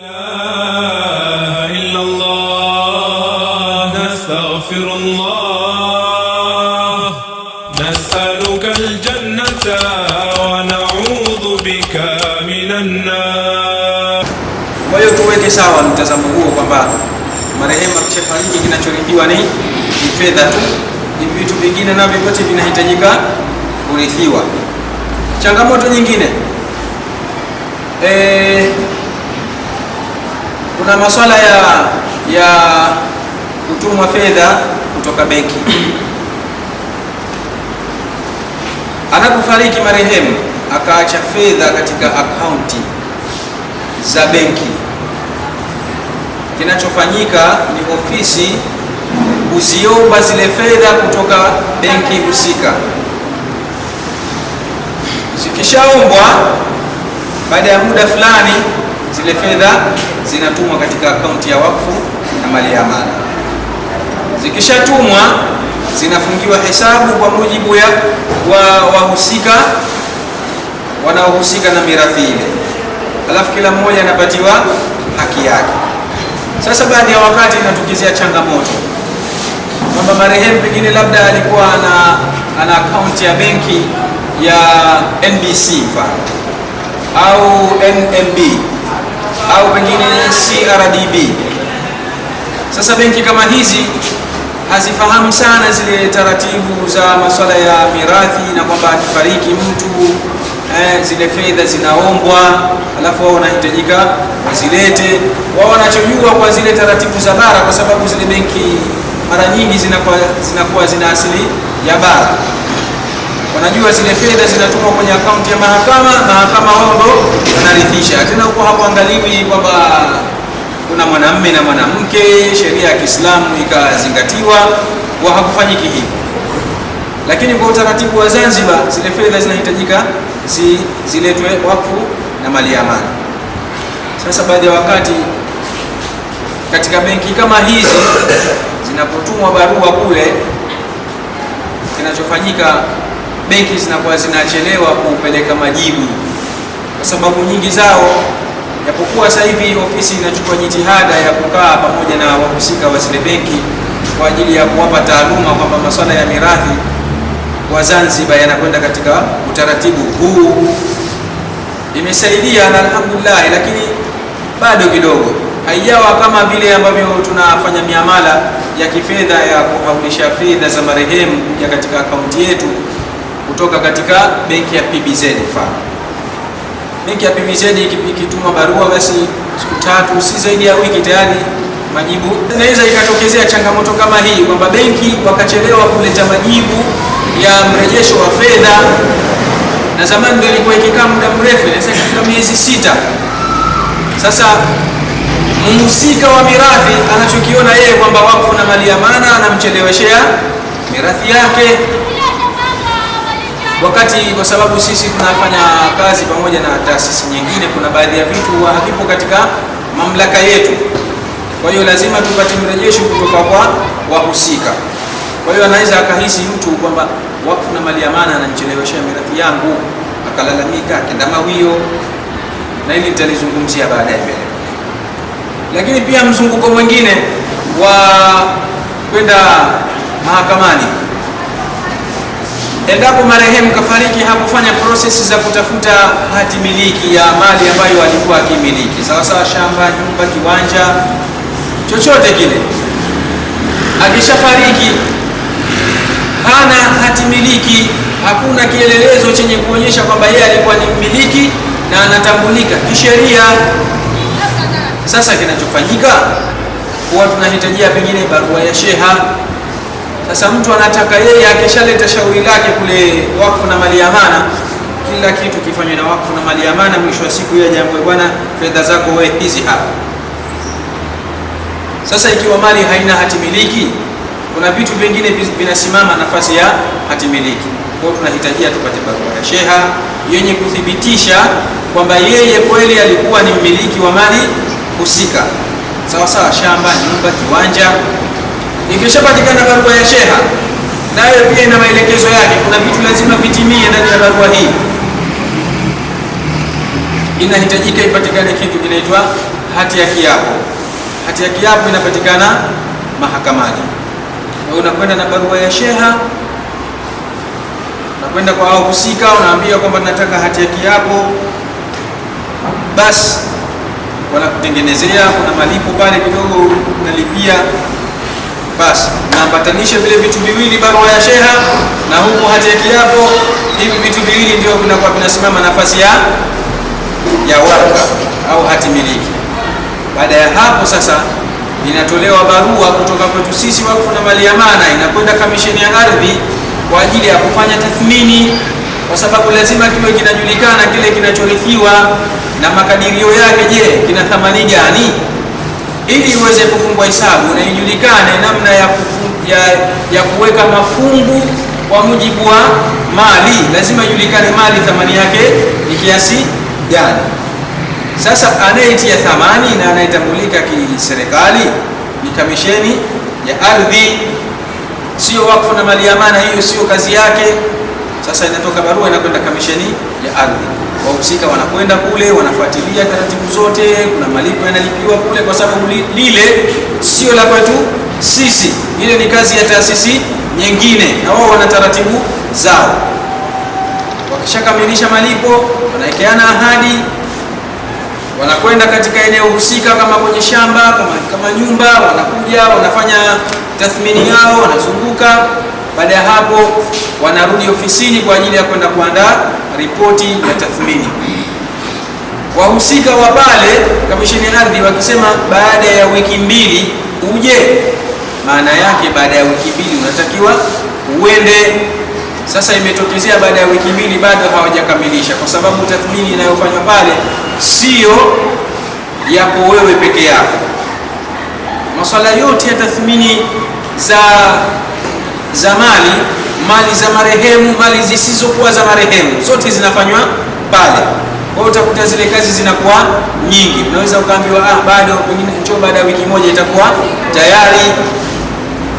Kwa hiyo tuweke sawa mtazamo huo kwamba marehemu akishafariki kinachoridiwa ni fedha tu, ni vitu vingine navyo vyote vinahitajika kurithiwa. Changamoto nyingine eh, kuna masuala ya ya kutumwa fedha kutoka benki. Anapofariki marehemu akaacha fedha katika akaunti za benki, kinachofanyika ni ofisi huziomba zile fedha kutoka benki husika. Zikishaombwa baada ya muda fulani Zile fedha zinatumwa katika akaunti ya wakfu na mali ya amana. Zikishatumwa zinafungiwa hesabu kwa mujibu ya wahusika wanaohusika na mirathi ile, alafu kila mmoja anapatiwa haki yake. Sasa baadhi ya wakati inatukizia changamoto kwamba marehemu pengine labda alikuwa ana, ana akaunti ya benki ya NBC mfano au NMB au pengine CRDB. Sasa benki kama hizi hazifahamu sana zile taratibu za masuala ya mirathi na kwamba akifariki mtu eh, zile fedha zinaombwa, alafu wao wanahitajika wazilete. Wao wanachojua kwa zile taratibu za bara, kwa sababu zile benki mara nyingi zinakuwa zina asili ya bara. Wanajua zile fedha zinatumwa kwenye akaunti ya mahakama, mahakama wao ndo wanaridhisha. Tena huko hakuangaliwi kwamba kuna mwanamme na mwanamke, sheria ya Kiislamu ikazingatiwa, wa hakufanyiki hivyo. Lakini kwa utaratibu wa Zanzibar, zile fedha zinahitajika zi, ziletwe wakfu na mali ya amana. Sasa baadhi ya wakati katika benki kama hizi zinapotumwa barua kule, kinachofanyika benki zinakuwa zinachelewa kupeleka majibu kwa sababu nyingi zao. Japokuwa sasa hivi ofisi inachukua jitihada ya kukaa pamoja na wahusika wa zile benki kwa ajili ya kuwapa taaluma kwamba masuala ya mirathi wa Zanzibar yanakwenda katika utaratibu huu, imesaidia na alhamdulillah, lakini bado kidogo haijawa kama vile ambavyo tunafanya miamala ya kifedha ya kuhaulisha fedha za marehemu ya katika akaunti yetu kutoka katika benki ya PBZ mfano. Benki ya PBZ ikituma barua, basi siku tatu si zaidi ya wiki tayari majibu. Inaweza ikatokezea changamoto kama hii kwamba benki wakachelewa kuleta majibu ya mrejesho wa fedha, na zamani ndio ilikuwa ikikaa muda mrefu, inaweza ikafika miezi sita. Sasa mhusika wa mirathi anachokiona yeye kwamba wakfu na mali ya amana anamcheleweshea mirathi yake wakati kwa sababu sisi tunafanya kazi pamoja na taasisi nyingine, kuna baadhi ya vitu havipo katika mamlaka yetu. Kwa hiyo lazima tupate mrejesho kutoka kwa wahusika. Kwa hiyo anaweza akahisi mtu kwamba wakfu na mali amana ananicheleweshea mirathi yangu, akalalamika, akenda mawio, na hili nitalizungumzia baadaye mbele. Lakini pia mzunguko mwingine wa kwenda mahakamani endapo marehemu kafariki hakufanya prosesi za kutafuta hati miliki ya mali ambayo alikuwa akimiliki, sawa sawa, shamba, nyumba, kiwanja, chochote kile. Akishafariki hana hati miliki, hakuna kielelezo chenye kuonyesha kwamba yeye alikuwa ni mmiliki na anatambulika kisheria. Sasa kinachofanyika huwa tunahitajia pengine barua ya sheha sasa mtu anataka yeye akishaleta shauri lake kule wakfu na mali amana, kila kitu kifanywe na wakfu na mali amana. Mwisho wa siku yeye ajambwe, bwana, fedha zako wewe hizi hapa. Sasa ikiwa mali haina hatimiliki, kuna vitu vingine vinasimama nafasi ya hatimiliki. Kwa hiyo tunahitajia tupate barua ya sheha yenye kuthibitisha kwamba yeye kweli alikuwa ni mmiliki wa mali husika, sawa sawa, shamba, nyumba, kiwanja Ikishapatikana barua ya sheha, nayo pia ina maelekezo yake. Kuna vitu lazima vitimie ndani ya barua hii. Inahitajika ipatikane kitu kinaitwa hati ya kiapo. Hati ya kiapo inapatikana mahakamani. Unakwenda na barua ya sheha, unakwenda kwa wahusika, unaambia kwamba nataka hati ya kiapo, basi wanakutengenezea. Kuna malipo pale kidogo, unalipia basi naambatanishe vile vitu viwili, barua ya sheha na huku hati ya kiapo. Hivi vitu viwili ndio vinakuwa vinasimama nafasi ya ya waraka au hati miliki. Baada ya hapo sasa inatolewa barua kutoka kwetu sisi wakfu na mali ya amana, inakwenda kamisheni ya ardhi kwa ajili ya kufanya tathmini, kwa sababu lazima kiwe kinajulikana kile kinachorithiwa na makadirio yake. Je, kina thamani gani? ili iweze kufungwa hisabu na ijulikane namna ya, ya, ya kuweka mafungu kwa mujibu wa mali, lazima ijulikane mali thamani yake ni kiasi gani. Sasa anayetia thamani na anayetambulika kiserikali ni kamisheni ya ardhi, sio wakfu na mali ya amana, hiyo sio kazi yake. Sasa inatoka barua inakwenda kamisheni ya ardhi, wahusika wanakwenda kule, wanafuatilia taratibu zote, kuna malipo yanalipiwa kule, kwa sababu lile sio la kwetu sisi, ile ni kazi ya taasisi nyingine, na wao wana taratibu zao. Wakishakamilisha malipo, wanawekeana ahadi, wanakwenda katika eneo husika, kama kwenye shamba, kama, kama nyumba, wanakuja wanafanya tathmini yao, wanazunguka baada ya hapo, wanarudi ofisini kwa ajili ya kwenda kuandaa ripoti ya tathmini. Wahusika wa pale kamisheni ya ardhi wakisema baada ya wiki mbili uje, maana yake baada ya wiki mbili unatakiwa uende. Sasa imetokezea baada ya wiki mbili bado hawajakamilisha, kwa sababu tathmini inayofanywa pale sio yako wewe peke yako. Masuala yote ya tathmini za za mali, mali za marehemu, mali zisizokuwa za marehemu, zote zinafanywa pale. Kwa utakuta zile kazi zinakuwa nyingi, unaweza ukaambiwa ah, bado pengine njoo baada ya wiki moja itakuwa tayari.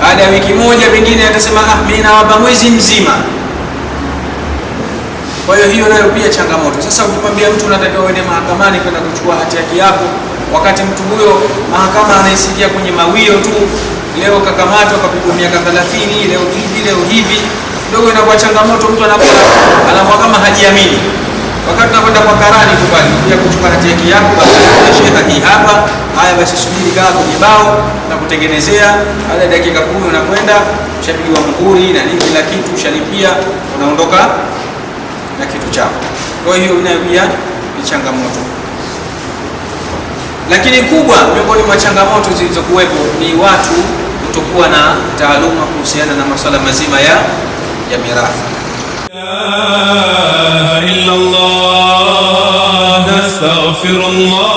Baada ya wiki moja pengine atasema ah, mimi nawapa mwezi mzima. Kwa hiyo hiyo nayo pia changamoto. Sasa ukimwambia mtu unatakiwa uende mahakamani kwenda kuchukua hati yako, wakati mtu huyo mahakama anaisikia kwenye mawio tu leo kakamatwa kapigwa miaka 30, leo hivi leo hivi, kidogo inakuwa changamoto, mtu anakuwa anakuwa kama hajiamini. Wakati tunakwenda kwa karani kubali kuja kuchukua hati yake yako, basi hii hapa, haya basi, subiri kaa kwenye bao na kutengenezea, baada ya dakika 10 unakwenda ushapigiwa mhuri na nini, kila kitu ushalipia, unaondoka na kitu chako. Kwa hiyo inayokuja ni changamoto. Lakini kubwa miongoni mwa changamoto zilizokuwepo ni watu kutokuwa na taaluma kuhusiana na masuala mazima ya, ya mirathi. La ilaha illallah nastaghfirullah